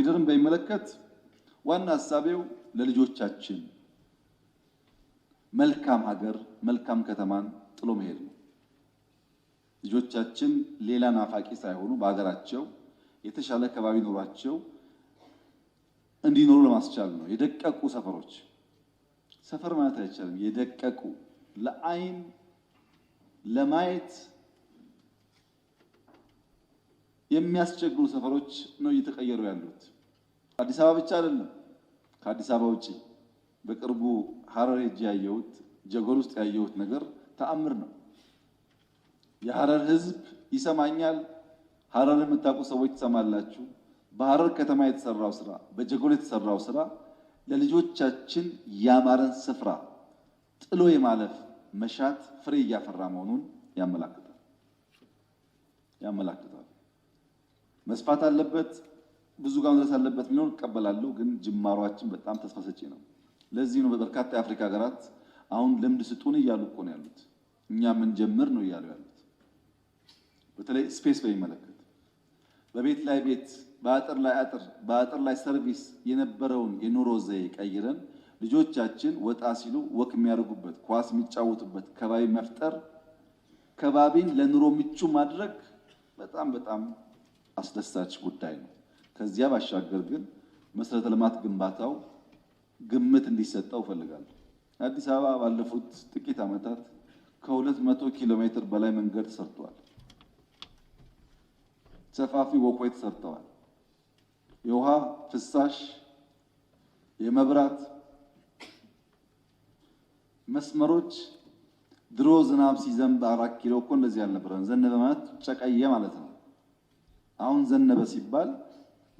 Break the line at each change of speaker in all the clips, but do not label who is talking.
ኮሪደርን በሚመለከት ዋና ሀሳቤው ለልጆቻችን መልካም ሀገር መልካም ከተማን ጥሎ መሄድ ነው። ልጆቻችን ሌላ ናፋቂ ሳይሆኑ በሀገራቸው የተሻለ ከባቢ ኖሯቸው እንዲኖሩ ለማስቻል ነው። የደቀቁ ሰፈሮች ሰፈር ማለት አይቻልም። የደቀቁ ለአይን ለማየት የሚያስቸግሩ ሰፈሮች ነው እየተቀየሩ ያሉት። አዲስ አበባ ብቻ አይደለም። ከአዲስ አበባ ውጭ በቅርቡ ሀረር ሄጄ ያየሁት ጀጎል ውስጥ ያየሁት ነገር ተአምር ነው። የሀረር ህዝብ ይሰማኛል። ሀረር የምታውቁ ሰዎች ትሰማላችሁ። በሀረር ከተማ የተሰራው ስራ፣ በጀጎል የተሰራው ስራ ለልጆቻችን ያማረን ስፍራ ጥሎ የማለፍ መሻት ፍሬ እያፈራ መሆኑን ያመላክታል ያመላክታል። መስፋት አለበት፣ ብዙ ጋር መድረስ አለበት ቢኖር እቀበላለሁ። ግን ጅማሯችን በጣም ተስፋ ሰጪ ነው። ለዚህ ነው በበርካታ የአፍሪካ ሀገራት አሁን ልምድ ስጡን እያሉ እኮ ነው ያሉት። እኛ ምን ጀምር ነው እያሉ ያሉት። በተለይ ስፔስ በሚመለከት በቤት ላይ ቤት፣ በአጥር ላይ አጥር፣ በአጥር ላይ ሰርቪስ የነበረውን የኑሮ ዘዬ ቀይረን ልጆቻችን ወጣ ሲሉ ወክ የሚያደርጉበት ኳስ የሚጫወቱበት ከባቢ መፍጠር፣ ከባቢን ለኑሮ ምቹ ማድረግ በጣም በጣም አስደሳች ጉዳይ ነው። ከዚያ ባሻገር ግን መሰረተ ልማት ግንባታው ግምት እንዲሰጠው እፈልጋለሁ። አዲስ አበባ ባለፉት ጥቂት ዓመታት ከ 200 ኪሎ ሜትር በላይ መንገድ ተሰርተዋል። ሰፋፊ ወቆይ ተሰርተዋል። የውሃ ፍሳሽ፣ የመብራት መስመሮች ድሮ ዝናብ ሲዘንብ አራት ኪሎ እኮ እንደዚህ አልነበረም። ዘነበ ማለት ጨቀየ ማለት ነው። አሁን ዘነበ ሲባል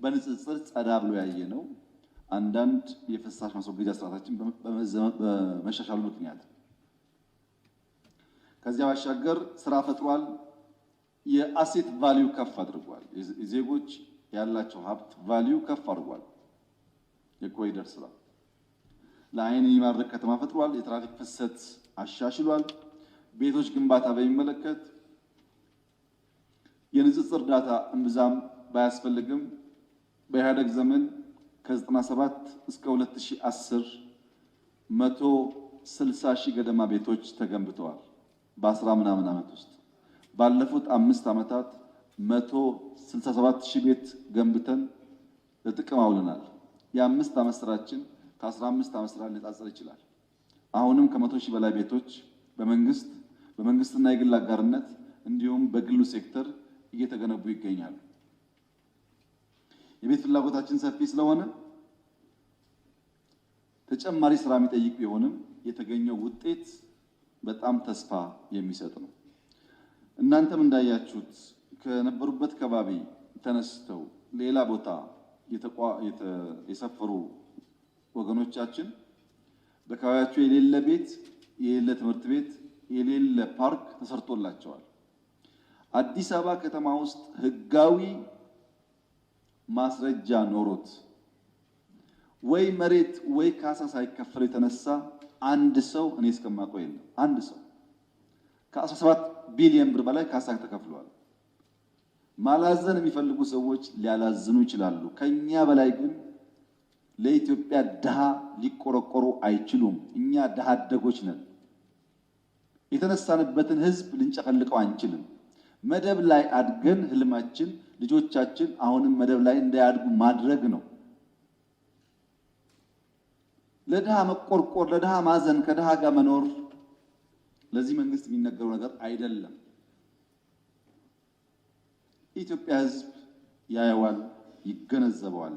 በንጽጽር ጸዳ ብሎ ያየ ነው። አንዳንድ የፍሳሽ ማስወገጃ ስርዓታችን በመሻሻሉ ምክንያት ከዚያ ባሻገር ስራ ፈጥሯል። የአሴት ቫሊዩ ከፍ አድርጓል። የዜጎች ያላቸው ሀብት ቫሊዩ ከፍ አድርጓል። የኮሪደር ስራ ለአይን የሚማርክ ከተማ ፈጥሯል። የትራፊክ ፍሰት አሻሽሏል። ቤቶች ግንባታ በሚመለከት የንጽጽ እርዳታ እምብዛም ባያስፈልግም በኢህአደግ ዘመን ከ97 እስከ 2010 160 ሺህ ገደማ ቤቶች ተገንብተዋል። በ በ10 ምናምን ዓመት ውስጥ ባለፉት አምስት ዓመታት 167 ሺህ ቤት ገንብተን ለጥቅም አውለናል። የአምስት ዓመት ስራችን ከ15 ዓመት ስራ ሊጣጸር ይችላል። አሁንም ከመቶ ሺህ በላይ ቤቶች በመንግስት በመንግስትና የግል አጋርነት እንዲሁም በግሉ ሴክተር እየተገነቡ ይገኛሉ። የቤት ፍላጎታችን ሰፊ ስለሆነ ተጨማሪ ስራ የሚጠይቅ ቢሆንም የተገኘው ውጤት በጣም ተስፋ የሚሰጥ ነው። እናንተም እንዳያችሁት ከነበሩበት ከባቢ ተነስተው ሌላ ቦታ የሰፈሩ ወገኖቻችን በአካባቢያቸው የሌለ ቤት፣ የሌለ ትምህርት ቤት፣ የሌለ ፓርክ ተሰርቶላቸዋል። አዲስ አበባ ከተማ ውስጥ ህጋዊ ማስረጃ ኖሮት ወይ መሬት ወይ ካሳ ሳይከፈል የተነሳ አንድ ሰው እኔ እስከማውቀው የለም። አንድ ሰው ከ17 ቢሊዮን ብር በላይ ካሳ ተከፍሏል። ማላዘን የሚፈልጉ ሰዎች ሊያላዝኑ ይችላሉ። ከኛ በላይ ግን ለኢትዮጵያ ድሃ ሊቆረቆሩ አይችሉም። እኛ ድሃ አደጎች ነን። የተነሳንበትን ህዝብ ልንጨቀልቀው አንችልም። መደብ ላይ አድገን ህልማችን ልጆቻችን አሁንም መደብ ላይ እንዳያድጉ ማድረግ ነው። ለድሃ መቆርቆር፣ ለድሃ ማዘን፣ ከድሃ ጋር መኖር ለዚህ መንግስት የሚነገረው ነገር አይደለም። ኢትዮጵያ ህዝብ ያየዋል፣ ይገነዘበዋል።